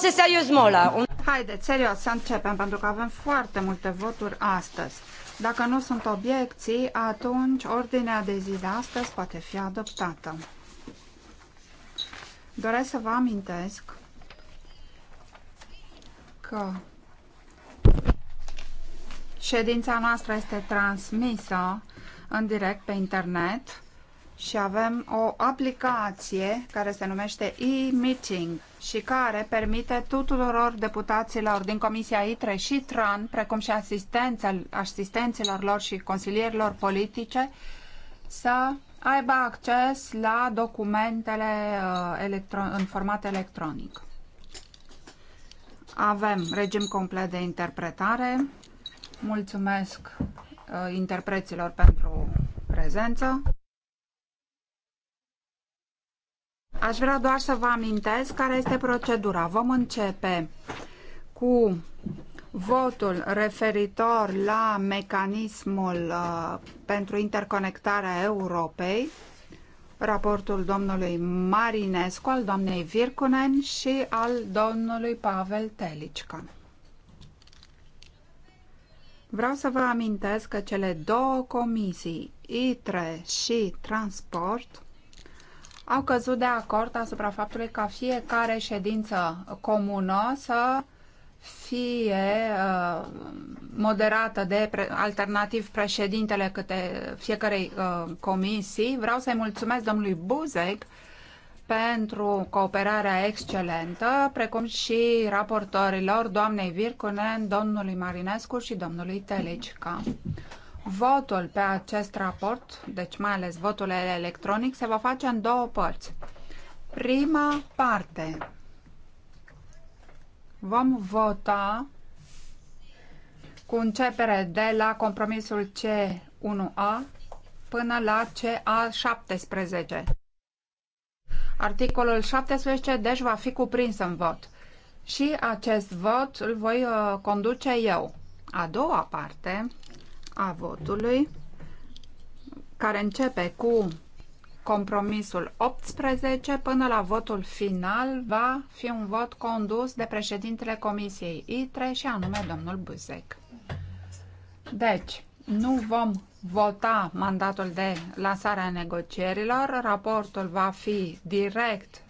commencer Haideți, serios, să începem, pentru că avem foarte multe voturi astăzi. Dacă nu sunt obiecții, atunci ordinea de zi de astăzi poate fi adoptată. Doresc să vă amintesc că ședința noastră este transmisă în direct pe internet și avem o aplicație care se numește e-meeting și care permite tuturor deputaților din Comisia ITRE și TRAN, precum și asistenților lor și consilierilor politice, să aibă acces la documentele uh, în format electronic. Avem regim complet de interpretare. Mulțumesc uh, interpreților pentru prezență. Aș vrea doar să vă amintesc care este procedura. Vom începe cu votul referitor la mecanismul uh, pentru interconectarea Europei, raportul domnului Marinescu, al doamnei Virkunen și al domnului Pavel Telicca. Vreau să vă amintesc că cele două comisii, ITRE și Transport, au căzut de acord asupra faptului ca fiecare ședință comună să fie uh, moderată de pre- alternativ președintele câte fiecarei uh, comisii. Vreau să-i mulțumesc domnului Buzek pentru cooperarea excelentă, precum și raportorilor doamnei Virkunen, domnului Marinescu și domnului Telicca. Votul pe acest raport, deci mai ales votul electronic, se va face în două părți. Prima parte. Vom vota cu începere de la compromisul C1A până la CA17. Articolul 17, deci, va fi cuprins în vot. Și acest vot îl voi uh, conduce eu. A doua parte a votului, care începe cu compromisul 18 până la votul final va fi un vot condus de președintele Comisiei ITRE și anume domnul Buzek. Deci, nu vom vota mandatul de lansare a negocierilor, raportul va fi direct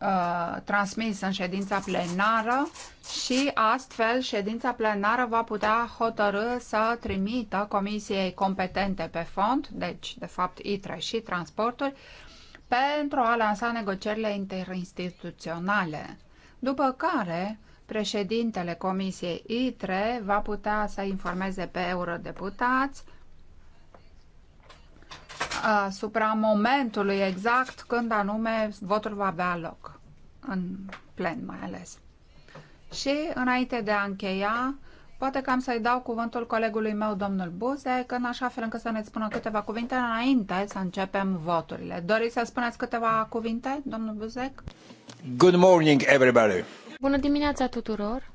Uh, transmis în ședința plenară și astfel ședința plenară va putea hotărâ să trimită comisiei competente pe fond, deci de fapt ITRE și transporturi, pentru a lansa negocierile interinstituționale. După care, președintele Comisiei ITRE va putea să informeze pe eurodeputați asupra momentului exact când anume votul va avea loc, în plen mai ales. Și înainte de a încheia, poate că am să-i dau cuvântul colegului meu, domnul Buzec, în așa fel încât să ne spună câteva cuvinte înainte să începem voturile. Doriți să spuneți câteva cuvinte, domnul Buzec? Good morning, everybody! Bună dimineața tuturor!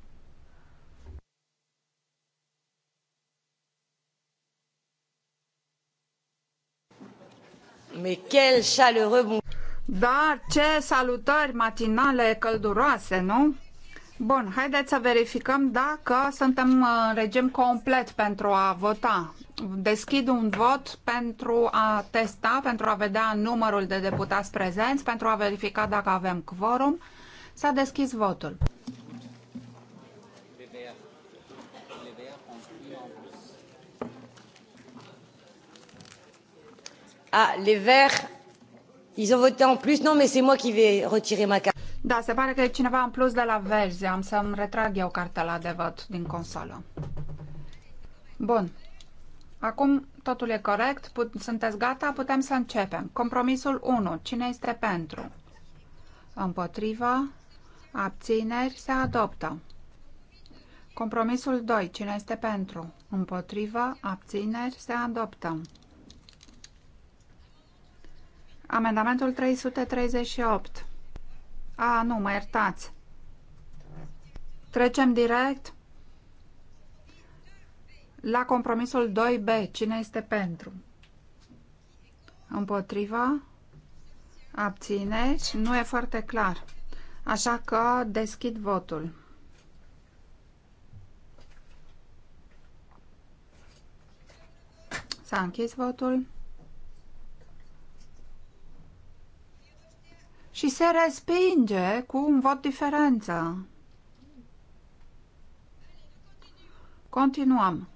Mais quel chaleureux bon... Dar ce salutări matinale călduroase, nu? Bun, haideți să verificăm dacă suntem în regim complet pentru a vota. Deschid un vot pentru a testa, pentru a vedea numărul de deputați prezenți, pentru a verifica dacă avem quorum. S-a deschis votul. Ah, les verts, ils ont voté en plus. Non, mais c'est moi qui vais retirer ma carte. Da, se pare că e cineva în plus de la verzi. Am să-mi retrag eu cartela de vot din consolă. Bun. Acum totul e corect. Put- sunteți gata? Putem să începem. Compromisul 1. Cine este pentru? Împotriva? Abțineri? Se adoptă. Compromisul 2. Cine este pentru? Împotriva? Abțineri? Se adoptă. Amendamentul 338. A, nu, mă iertați. Trecem direct la compromisul 2B. Cine este pentru? Împotriva? Abțineți? Nu e foarte clar. Așa că deschid votul. S-a închis votul. și se respinge cu un vot diferență. Continuăm.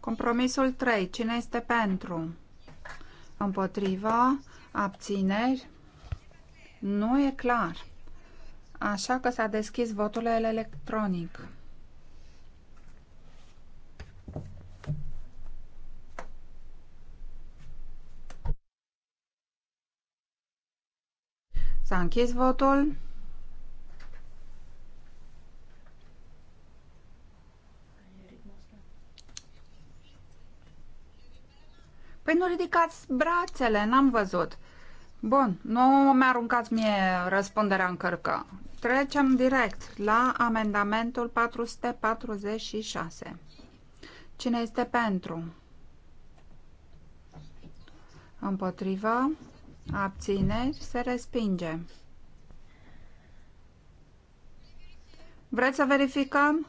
Compromisul 3. Cine este pentru? Împotriva? Abțineri? Nu e clar. Așa că s-a deschis votul electronic. S-a închis votul. Păi nu ridicați brațele, n-am văzut. Bun, nu mi-aruncați mie răspunderea în cărcă. Trecem direct la amendamentul 446. Cine este pentru? Împotrivă? abțineri, se respinge. Vreți să verificăm?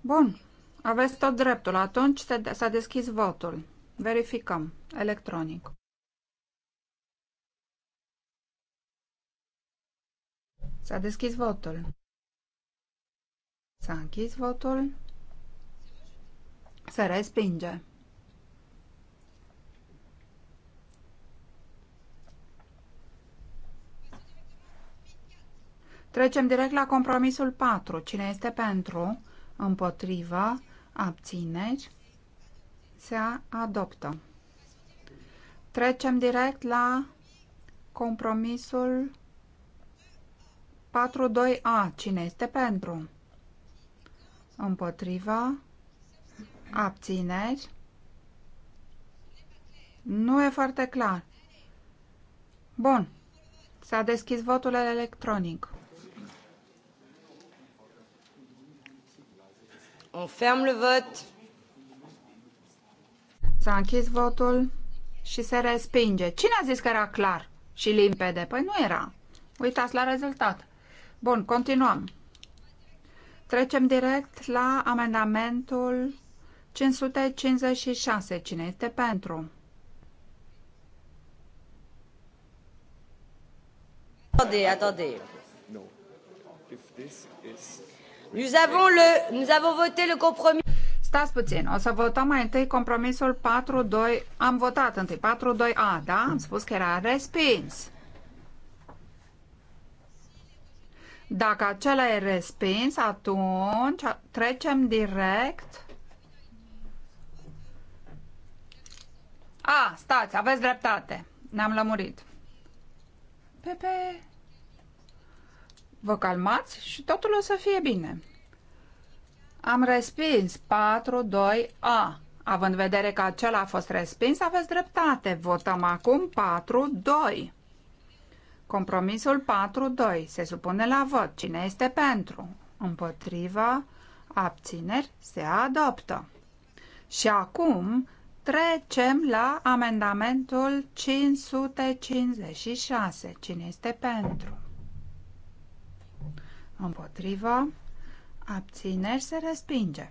Bun, aveți tot dreptul. Atunci s-a deschis votul. Verificăm electronic. S-a deschis votul. S-a închis votul. Se respinge. Trecem direct la compromisul 4. Cine este pentru? Împotrivă? Abțineri? Se adoptă. Trecem direct la compromisul 42A. Cine este pentru? Împotrivă? Abțineri? Nu e foarte clar. Bun. S-a deschis votul electronic. On ferme le vote. S-a închis votul și se respinge. Cine a zis că era clar și limpede? Păi nu era. Uitați la rezultat. Bun, continuăm. Trecem direct la amendamentul 556. Cine este pentru? Atode, atode. No. If this is Nous avons, le, nous avons voté le compromis. Stați puțin, o să votăm mai întâi compromisul 4-2. Am votat întâi 4-2A, da? Am spus că era respins. Dacă acela e respins, atunci trecem direct... A, stați, aveți dreptate. Ne-am lămurit. Pepe vă calmați și totul o să fie bine. Am respins 4-2-A. Având în vedere că acela a fost respins, aveți dreptate. Votăm acum 4-2. Compromisul 4-2 se supune la vot. Cine este pentru? Împotriva abțineri se adoptă. Și acum trecem la amendamentul 556. Cine este pentru? împotriva, abțineri se respinge.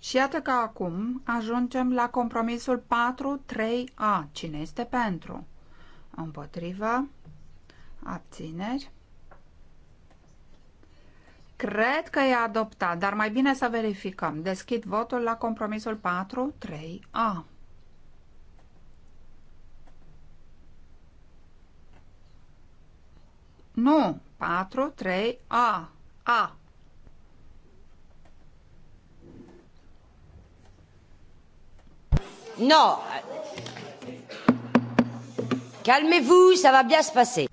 Și iată că acum ajungem la compromisul 4-3A. Cine este pentru? Împotriva, abțineri. Cred că e adoptat, dar mai bine să verificăm. Deschid votul la compromisul 4-3A. Nu. 4, 3, A. A. No. Calmez-vous, ça va bien se passer.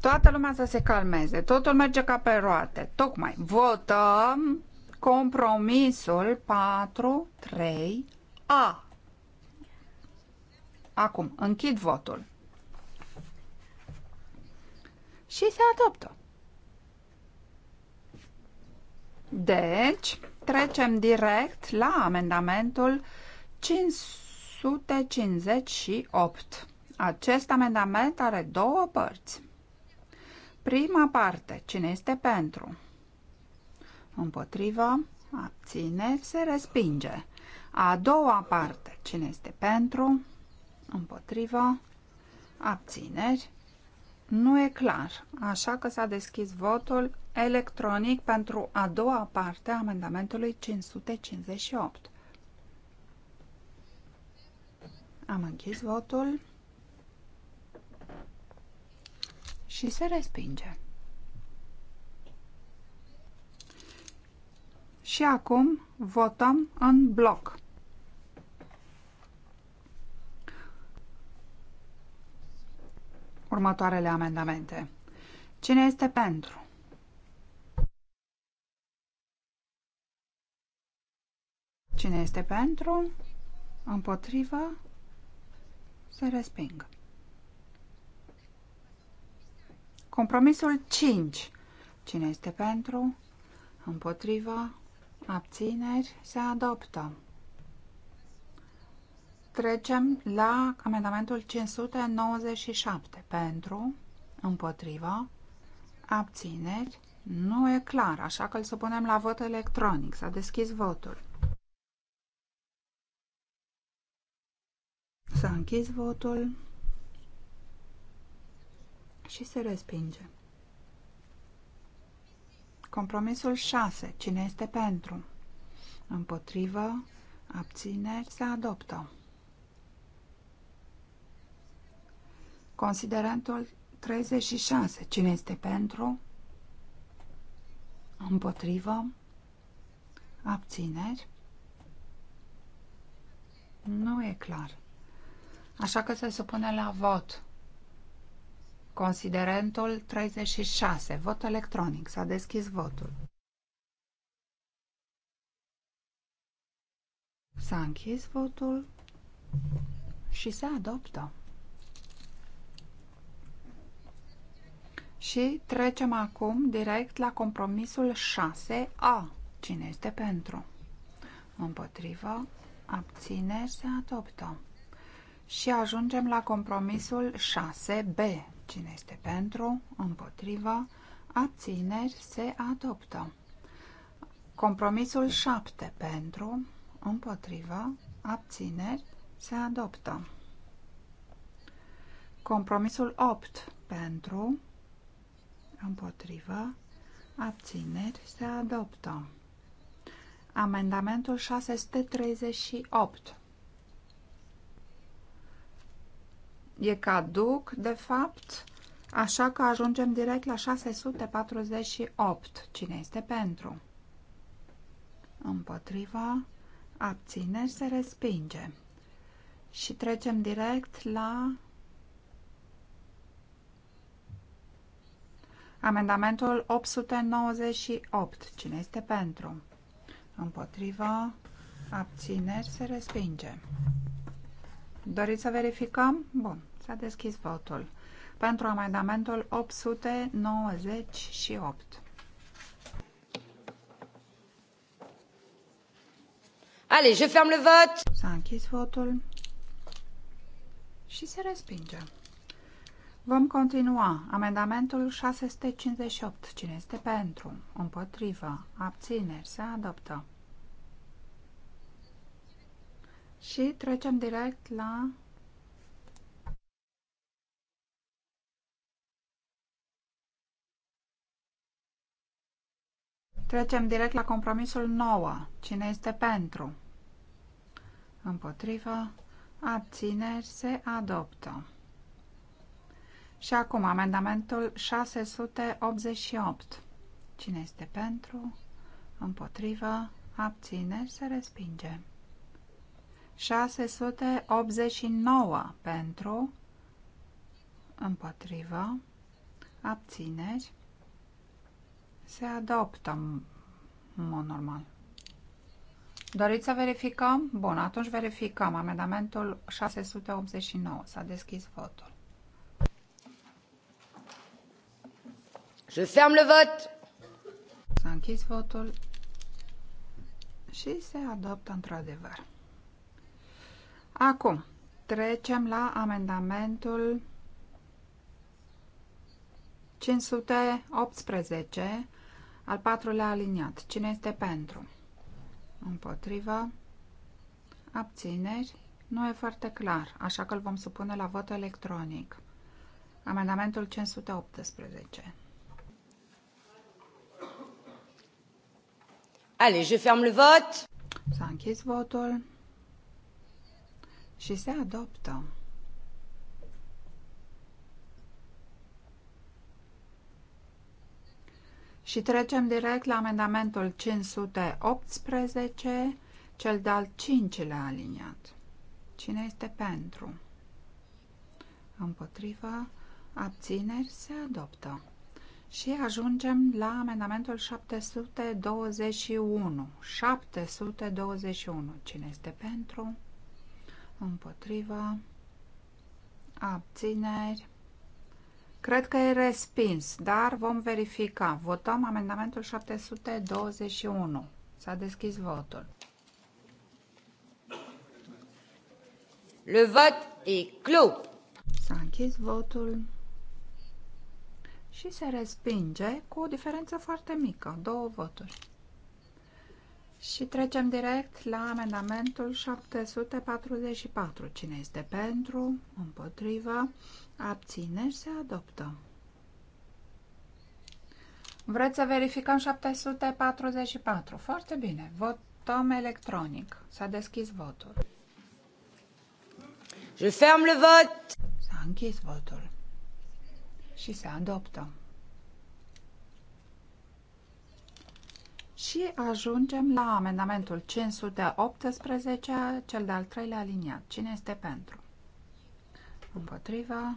Toată lumea să se calmeze, totul merge ca pe roate. Tocmai votăm compromisul 4, 3, A. Acum, închid votul și se adoptă. Deci, trecem direct la amendamentul 558. Acest amendament are două părți. Prima parte, cine este pentru? Împotrivă, abține, se respinge. A doua parte, cine este pentru? Împotrivă, abțineri, nu e clar, așa că s-a deschis votul electronic pentru a doua parte a amendamentului 558. Am închis votul și se respinge. Și acum votăm în bloc următoarele amendamente. Cine este pentru? Cine este pentru? Împotrivă? Se resping. Compromisul 5. Cine este pentru? Împotrivă? Abțineri? Se adoptă. Trecem la amendamentul 597 pentru, împotriva, abțineri. Nu e clar, așa că îl supunem la vot electronic. S-a deschis votul. S-a închis votul și se respinge. Compromisul 6. Cine este pentru? Împotrivă, abțineri, se adoptă. Considerentul 36. Cine este pentru? Împotrivă? Abțineri? Nu e clar. Așa că se supune la vot. Considerentul 36. Vot electronic. S-a deschis votul. S-a închis votul și se adoptă. Și trecem acum direct la compromisul 6A. Cine este pentru? Împotrivă, abțineri, se adoptă. Și ajungem la compromisul 6B. Cine este pentru? Împotrivă, abțineri, se adoptă. Compromisul 7 pentru, împotrivă, abțineri, se adoptă. Compromisul 8 pentru, împotrivă, abțineri, se adoptă. Amendamentul 638. E caduc, de fapt, așa că ajungem direct la 648. Cine este pentru? Împotriva, abțineri, se respinge. Și trecem direct la Amendamentul 898. Cine este pentru? Împotrivă. Abțineri se respinge. Doriți să verificăm? Bun. S-a deschis votul. Pentru amendamentul 898. Allez, je ferme le vote. S-a închis votul și se respinge. Vom continua. Amendamentul 658. Cine este pentru? Împotrivă. Abțineri. Se adoptă. Și trecem direct la Trecem direct la compromisul 9. Cine este pentru? Împotrivă. Abțineri se adoptă. Și acum amendamentul 688. Cine este pentru? Împotrivă? Abține? Se respinge. 689 pentru, împotrivă, abțineri, se adoptă în mod normal. Doriți să verificăm? Bun, atunci verificăm. Amendamentul 689. S-a deschis votul. Je ferme le vote. S-a închis votul și se adoptă într-adevăr. Acum, trecem la amendamentul 518, al patrulea aliniat. Cine este pentru? Împotrivă? Abțineri? Nu e foarte clar, așa că îl vom supune la vot electronic. Amendamentul 518. Allez, je ferme le vote. S-a închis votul și se adoptă. Și trecem direct la amendamentul 518, cel de-al cincilea aliniat. Cine este pentru? Împotriva, abțineri, se adoptă. Și ajungem la amendamentul 721. 721. Cine este pentru? Împotriva. Abțineri. Cred că e respins, dar vom verifica. Votăm amendamentul 721. S-a deschis votul. Le vot e clos. S-a închis votul și se respinge cu o diferență foarte mică, două voturi. Și trecem direct la amendamentul 744. Cine este pentru, împotrivă, abține și se adoptă. Vreți să verificăm 744? Foarte bine. Votăm electronic. S-a deschis votul. Je ferme le vot. S-a închis votul și se adoptă. Și ajungem la amendamentul 518, cel de-al treilea aliniat. Cine este pentru? Împotriva.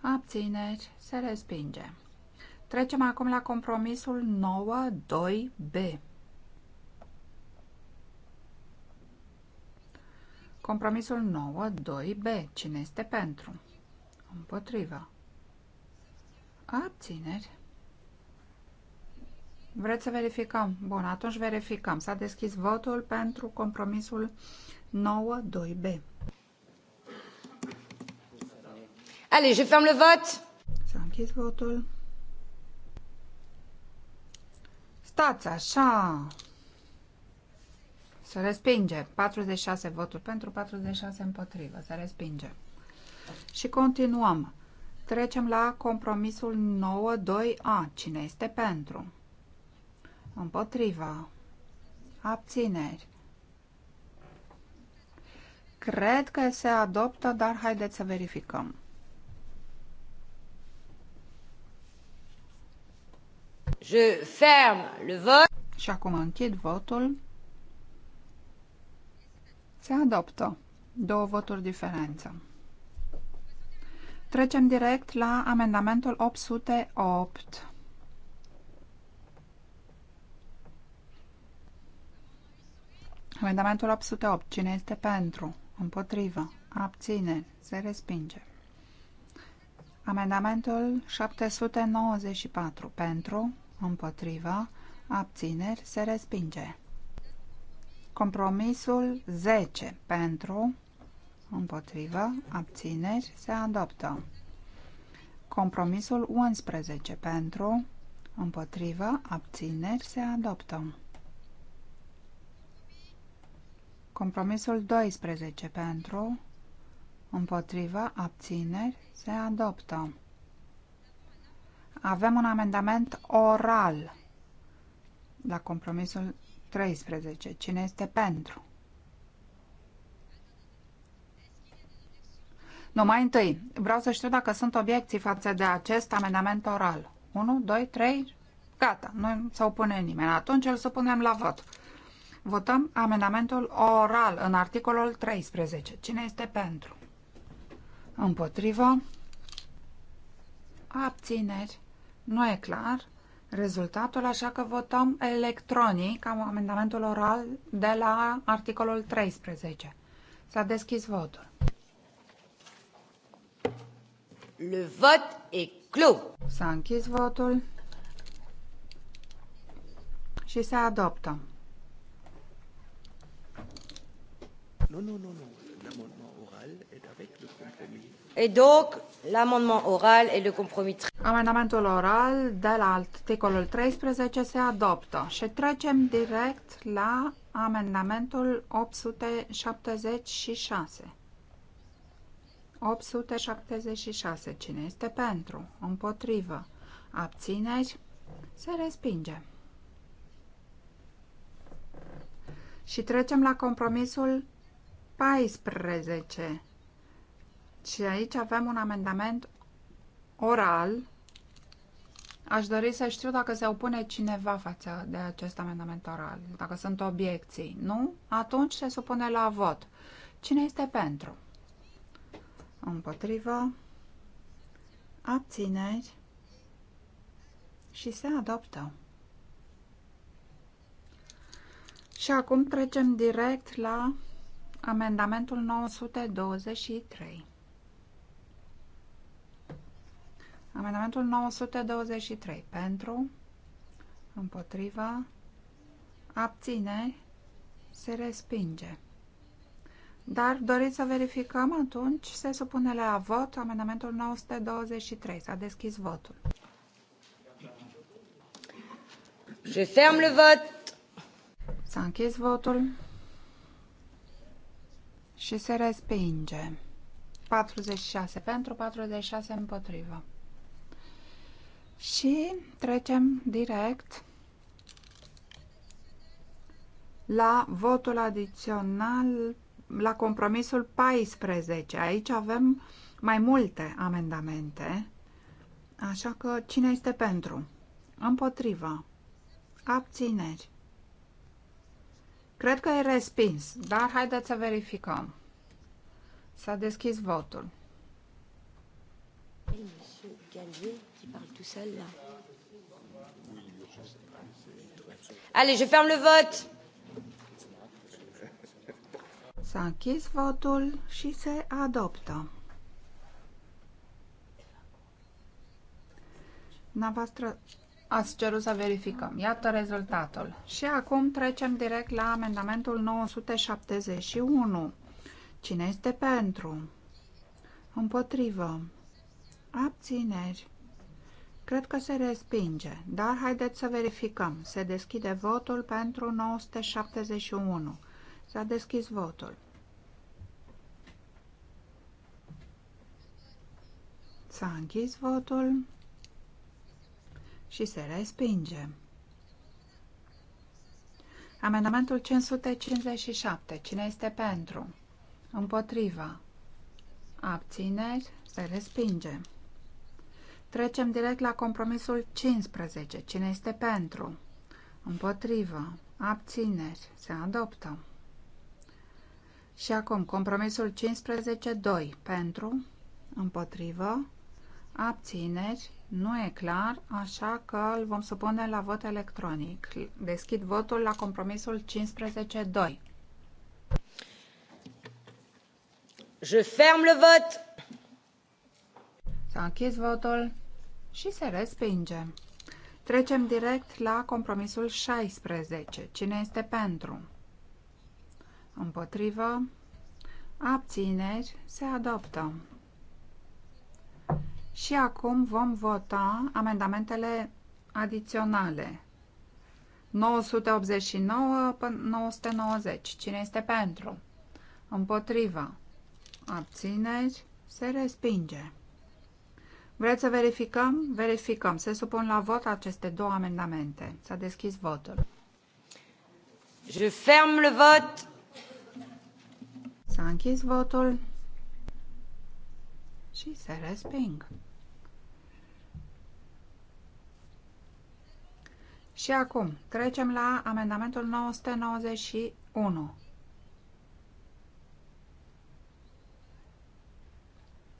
Abțineri. Se respinge. Trecem acum la compromisul 9.2b. Compromisul 9.2b. Cine este pentru? Împotriva. Abțineri. Vreți să verificăm? Bun, atunci verificăm. S-a deschis votul pentru compromisul 9 2 b Allez, je ferme le vot. S-a închis votul. Stați așa. Se respinge. 46 voturi pentru, 46 împotrivă. Se respinge. Și continuăm. Trecem la compromisul 9.2a. Cine este pentru? Împotriva. Abțineri. Cred că se adoptă, dar haideți să verificăm. Je ferme le vot. Și acum închid votul. Se adoptă. Două voturi diferență. Trecem direct la amendamentul 808. Amendamentul 808. Cine este pentru? Împotrivă. Abține. Se respinge. Amendamentul 794. Pentru. Împotrivă. Abțineri. Se respinge. Compromisul 10. Pentru împotrivă, abțineri, se adoptă. Compromisul 11 pentru, împotrivă, abțineri, se adoptă. Compromisul 12 pentru, împotrivă, abțineri, se adoptă. Avem un amendament oral la compromisul 13. Cine este pentru? Nu, mai întâi, vreau să știu dacă sunt obiecții față de acest amendament oral. 1, 2, 3, gata, nu se opune nimeni. Atunci îl supunem la vot. Votăm amendamentul oral în articolul 13. Cine este pentru? Împotrivă? Abțineri? Nu e clar rezultatul, așa că votăm electronic ca amendamentul oral de la articolul 13. S-a deschis votul. Le vote est clos. S-a închis votul și se adoptă. Nu, nu, nu, nu. oral compromis. Et donc, l'amendement oral et le compromis... Amendamentul oral de la articolul 13 se adoptă și trecem direct la amendamentul 876. 876. Cine este pentru? Împotrivă. Abțineri? Se respinge. Și trecem la compromisul 14. Și aici avem un amendament oral. Aș dori să știu dacă se opune cineva față de acest amendament oral, dacă sunt obiecții. Nu? Atunci se supune la vot. Cine este pentru? Pentru împotrivă, abțineri și se adoptă. Și acum trecem direct la amendamentul 923. Amendamentul 923 pentru, împotriva, abține, se respinge. Dar doriți să verificăm atunci? Se supune la vot amendamentul 923. S-a deschis votul. Je ferme le vot. S-a închis votul și se respinge. 46 pentru, 46 împotrivă. Și trecem direct la votul adițional la compromisul 14. Aici avem mai multe amendamente, așa că cine este pentru? Împotrivă. Abțineri. Cred că e respins, dar haideți să verificăm. S-a deschis votul. Allez, je ferme le vote. S-a închis votul și se adoptă. Navastră ați cerut să verificăm. Iată rezultatul. Și acum trecem direct la amendamentul 971. Cine este pentru? Împotrivă. Abțineri. Cred că se respinge, dar haideți să verificăm. Se deschide votul pentru 971. S-a deschis votul. S-a închis votul și se respinge. Amendamentul 557. Cine este pentru? Împotriva. Abțineri. Se respinge. Trecem direct la compromisul 15. Cine este pentru? Împotrivă. Abțineri. Se adoptă. Și acum, compromisul 15.2 pentru, împotrivă, abțineri, nu e clar, așa că îl vom supune la vot electronic. Deschid votul la compromisul 15.2. Je ferme le vote. S-a închis votul și se respinge. Trecem direct la compromisul 16. Cine este pentru? împotrivă, abțineri, se adoptă. Și acum vom vota amendamentele adiționale. 989 până 990. Cine este pentru? Împotrivă. Abțineri. Se respinge. Vreți să verificăm? Verificăm. Se supun la vot aceste două amendamente. S-a deschis votul. Je ferme le vote. S-a închis votul și se resping. Și acum trecem la amendamentul 991.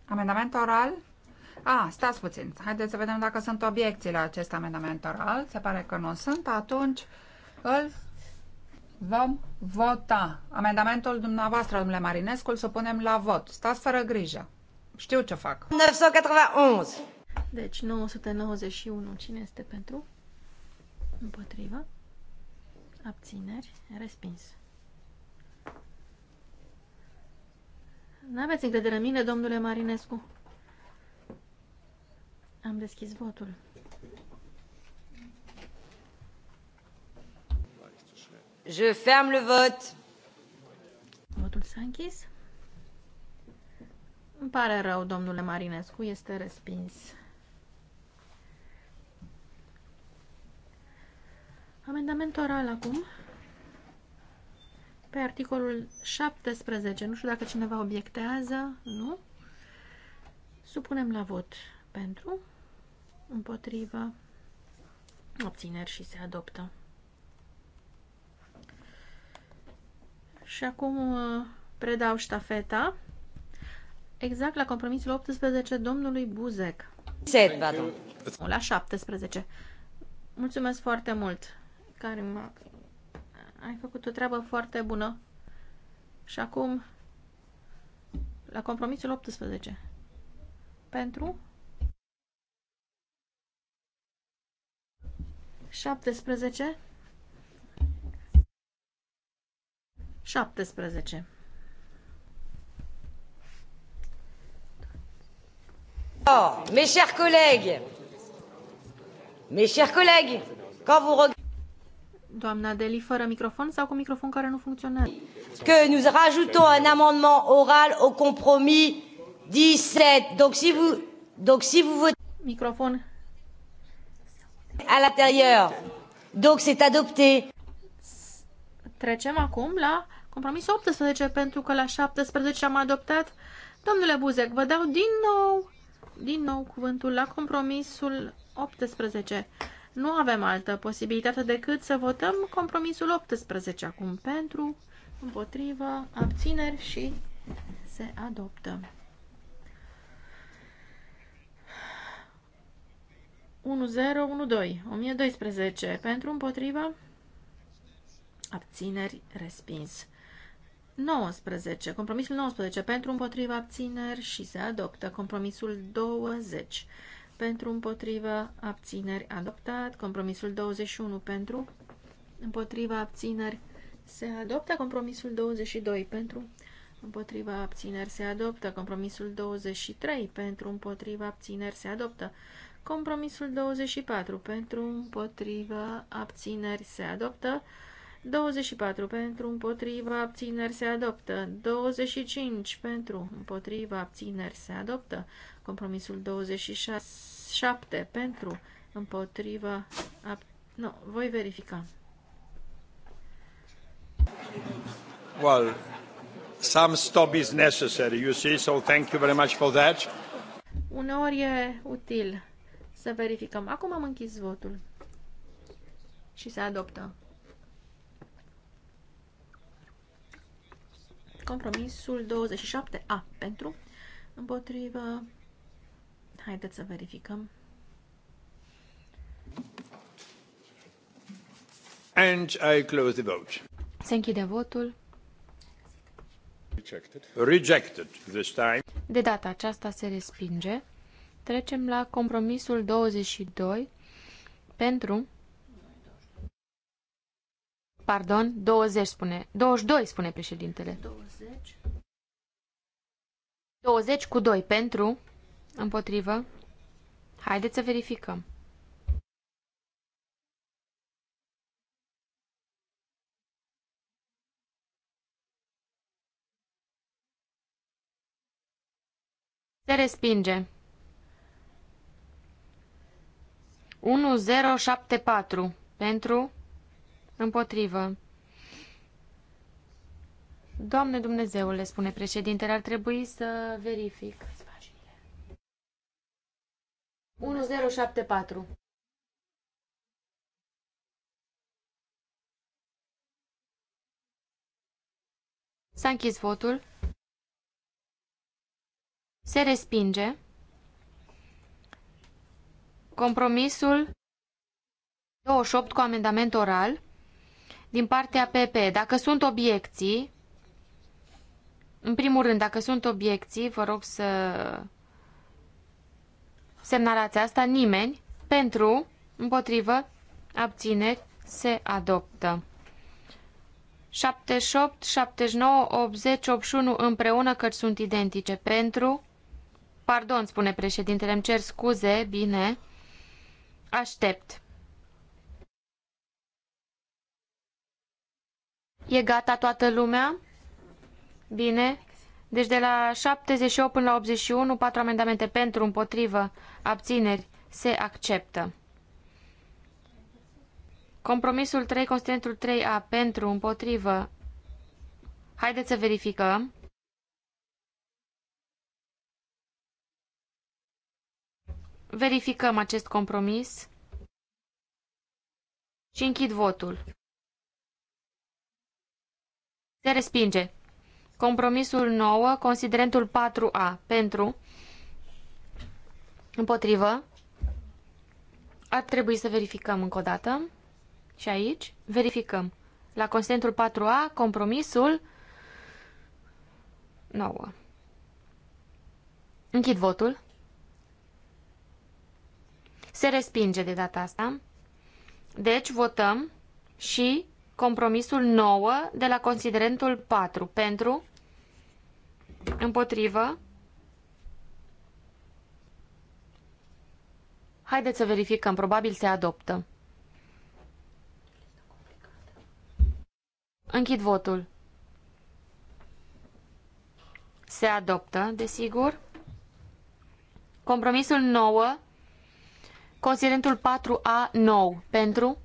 Amendament oral? A, stați puțin. Haideți să vedem dacă sunt obiecții la acest amendament oral. Se pare că nu sunt. Atunci îl Vom vota. Amendamentul dumneavoastră, domnule Marinescu, îl supunem la vot. Stați fără grijă. Știu ce fac. 991. Deci 991. Cine este pentru? Împotrivă. Abțineri. Respins. N-aveți încredere în mine, domnule Marinescu? Am deschis votul. Je ferme le vot. Votul s-a închis. Îmi pare rău, domnule Marinescu, este respins. Amendament oral acum. Pe articolul 17, nu știu dacă cineva obiectează, nu? Supunem la vot pentru, împotrivă, obțineri și se adoptă. Și acum uh, predau ștafeta exact la compromisul 18 domnului Buzec. Set, pardon. La 17. Mulțumesc foarte mult, Karim. Ai făcut o treabă foarte bună. Și acum, la compromisul 18. Pentru 17 17. Oh, mes chers collègues, mes chers collègues, quand vous regardez... Doamna Deli, fără microfon sau cu microfon care nu funcționează? Que nous rajoutons un amendement oral au compromis 17. Donc si vous, donc si vous votez... Microfon. À l'intérieur. Donc c'est adopté. Trecem acum la compromisul 18, pentru că la 17 am adoptat. Domnule Buzec, vă dau din nou, din nou cuvântul la compromisul 18. Nu avem altă posibilitate decât să votăm compromisul 18 acum pentru, împotrivă, abțineri și se adoptă. 1012 pentru împotrivă abțineri, respins. 19. Compromisul 19 pentru împotriva abțineri și se adoptă. Compromisul 20 pentru împotriva abțineri adoptat. Compromisul 21 pentru împotriva abțineri se adoptă. Compromisul 22 pentru împotriva abțineri se adoptă. Compromisul 23 pentru împotriva abțineri se adoptă. Compromisul 24 pentru împotriva abțineri se adoptă. 24 pentru împotriva abțineri se adoptă. 25 pentru împotriva abțineri se adoptă. Compromisul 27 pentru împotriva ab... Nu, voi verifica. Well, some stop is necessary, you see, so thank you very much for that. Uneori e util să verificăm. Acum am închis votul și se adoptă. Compromisul 27A pentru, împotrivă, haideți să verificăm. And I close the vote. Se închide votul. Rejected. Rejected this time. De data aceasta se respinge. Trecem la compromisul 22 pentru Pardon, 20 spune. 22 spune președintele. 20. 20 cu 2 pentru, împotrivă. Haideți să verificăm. Se respinge. 1074 pentru Împotrivă. Doamne Dumnezeule, spune președintele, ar trebui să verific. 1074. S-a închis votul. Se respinge. Compromisul 28 cu amendament oral din partea PP. Dacă sunt obiecții, în primul rând, dacă sunt obiecții, vă rog să semnalați asta. Nimeni pentru, împotrivă, abțineri, se adoptă. 78, 79, 80, 81 împreună căci sunt identice. Pentru, pardon, spune președintele, îmi cer scuze, bine, aștept. E gata toată lumea? Bine. Deci de la 78 până la 81, patru amendamente pentru, împotrivă, abțineri, se acceptă. Compromisul 3, constituentul 3A, pentru, împotrivă. Haideți să verificăm. Verificăm acest compromis și închid votul. Se respinge. Compromisul 9, considerentul 4A, pentru, împotrivă, ar trebui să verificăm încă o dată. Și aici, verificăm. La considerentul 4A, compromisul 9. Închid votul. Se respinge de data asta. Deci votăm și Compromisul 9 de la considerentul 4. Pentru, împotrivă. Haideți să verificăm, probabil se adoptă. Închid votul. Se adoptă, desigur. Compromisul 9, considerentul 4A9, pentru,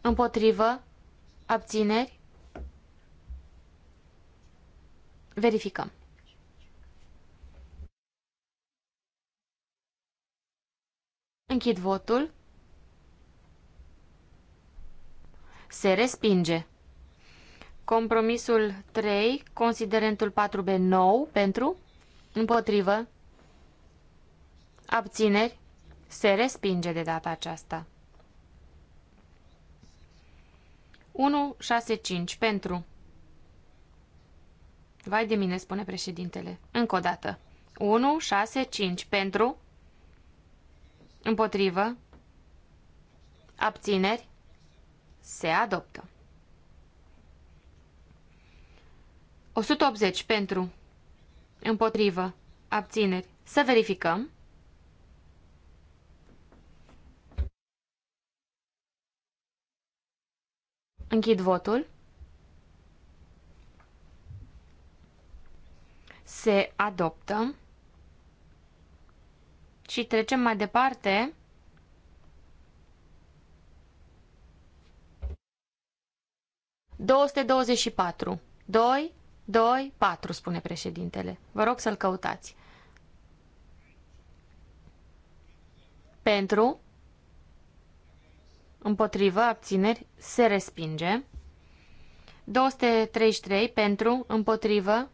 împotrivă, Abțineri? Verificăm. Închid votul. Se respinge. Compromisul 3, considerentul 4B9 pentru, împotrivă, abțineri, se respinge de data aceasta. 165 pentru. Vai de mine, spune președintele. Încă o dată. 165 pentru. Împotrivă. Abțineri. Se adoptă. 180 pentru. Împotrivă. Abțineri. Să verificăm. Închid votul. Se adoptă. Și trecem mai departe. Douăste douăzeci și patru. Doi, doi, patru, spune președintele. Vă rog să-l căutați. Pentru împotrivă, abțineri, se respinge. 233 pentru, împotrivă,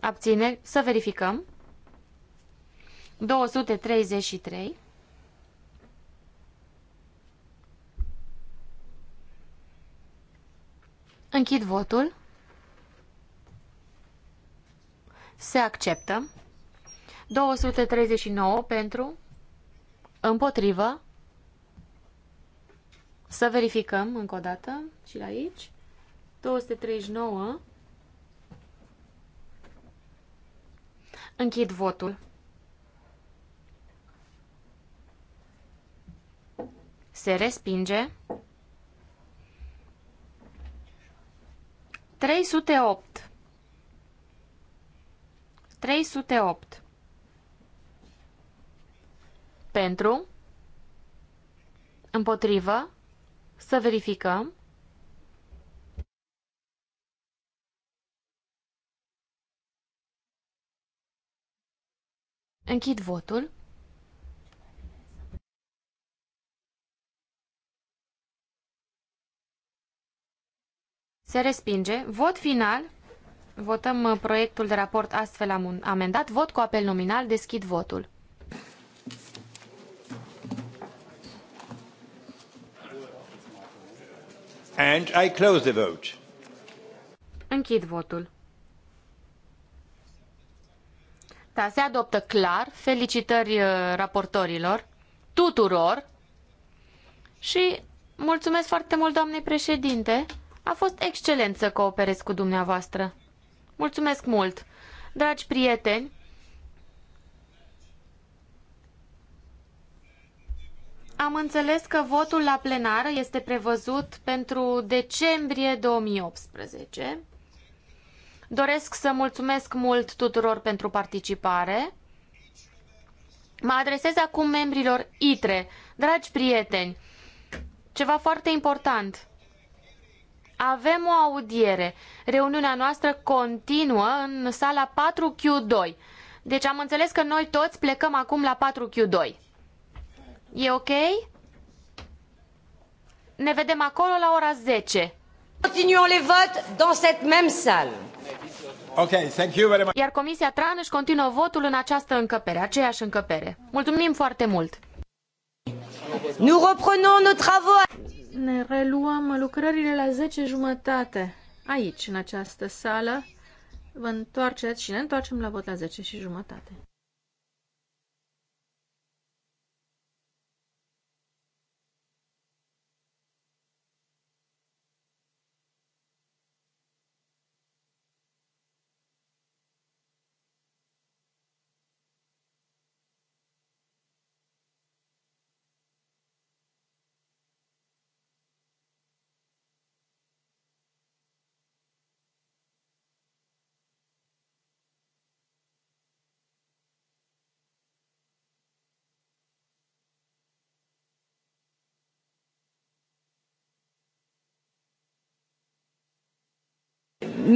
abțineri, să verificăm. 233. Închid votul. Se acceptă. 239 pentru, împotrivă, să verificăm încă o dată și la aici. 239. Închid votul. Se respinge. 308. 308. Pentru. Împotrivă. Să verificăm. Închid votul. Se respinge. Vot final. Votăm uh, proiectul de raport astfel amendat. Vot cu apel nominal. Deschid votul. And I close the vote. Închid votul. Da, se adoptă clar. Felicitări uh, raportorilor, tuturor și mulțumesc foarte mult, doamnei președinte. A fost excelent să cooperez cu dumneavoastră. Mulțumesc mult! Dragi prieteni, Am înțeles că votul la plenară este prevăzut pentru decembrie 2018. Doresc să mulțumesc mult tuturor pentru participare. Mă adresez acum membrilor ITRE. Dragi prieteni, ceva foarte important. Avem o audiere. Reuniunea noastră continuă în sala 4Q2. Deci am înțeles că noi toți plecăm acum la 4Q2. E ok? Ne vedem acolo la ora 10. Continuăm les votes dans cette même salle. Okay, thank you very much. Iar Comisia Tran își continuă votul în această încăpere, aceeași încăpere. Mulțumim foarte mult! Nous reprenons nos travaux. Ne reluăm lucrările la 10 jumătate, aici, în această sală. Vă întoarceți și ne întoarcem la vot la 10 și jumătate.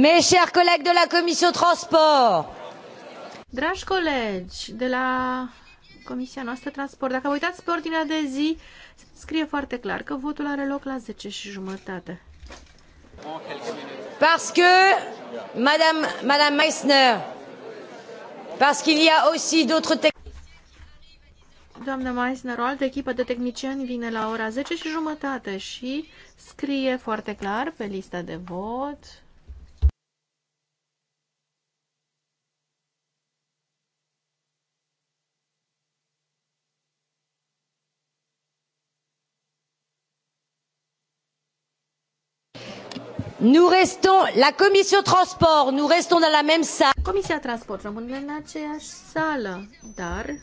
Mes chers collègues de la Commission Transport. Dragi colegi de la Comisia noastră Transport, dacă vă uitați pe ordinea de zi, scrie foarte clar că votul are loc la 10 și jumătate. Parce que, Madame, Madame Meissner, parce qu'il y a aussi d'autres Doamna Meissner, o altă echipă de tehnicieni vine la ora 10 și jumătate și scrie foarte clar pe lista de vot Nous restons, la Commission Transport, nous restons dans la même salle. Comisia Transport rămânem în aceeași sală, dar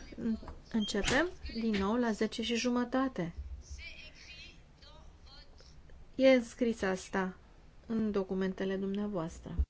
începem din nou la 10 și jumătate. E înscris asta în documentele dumneavoastră.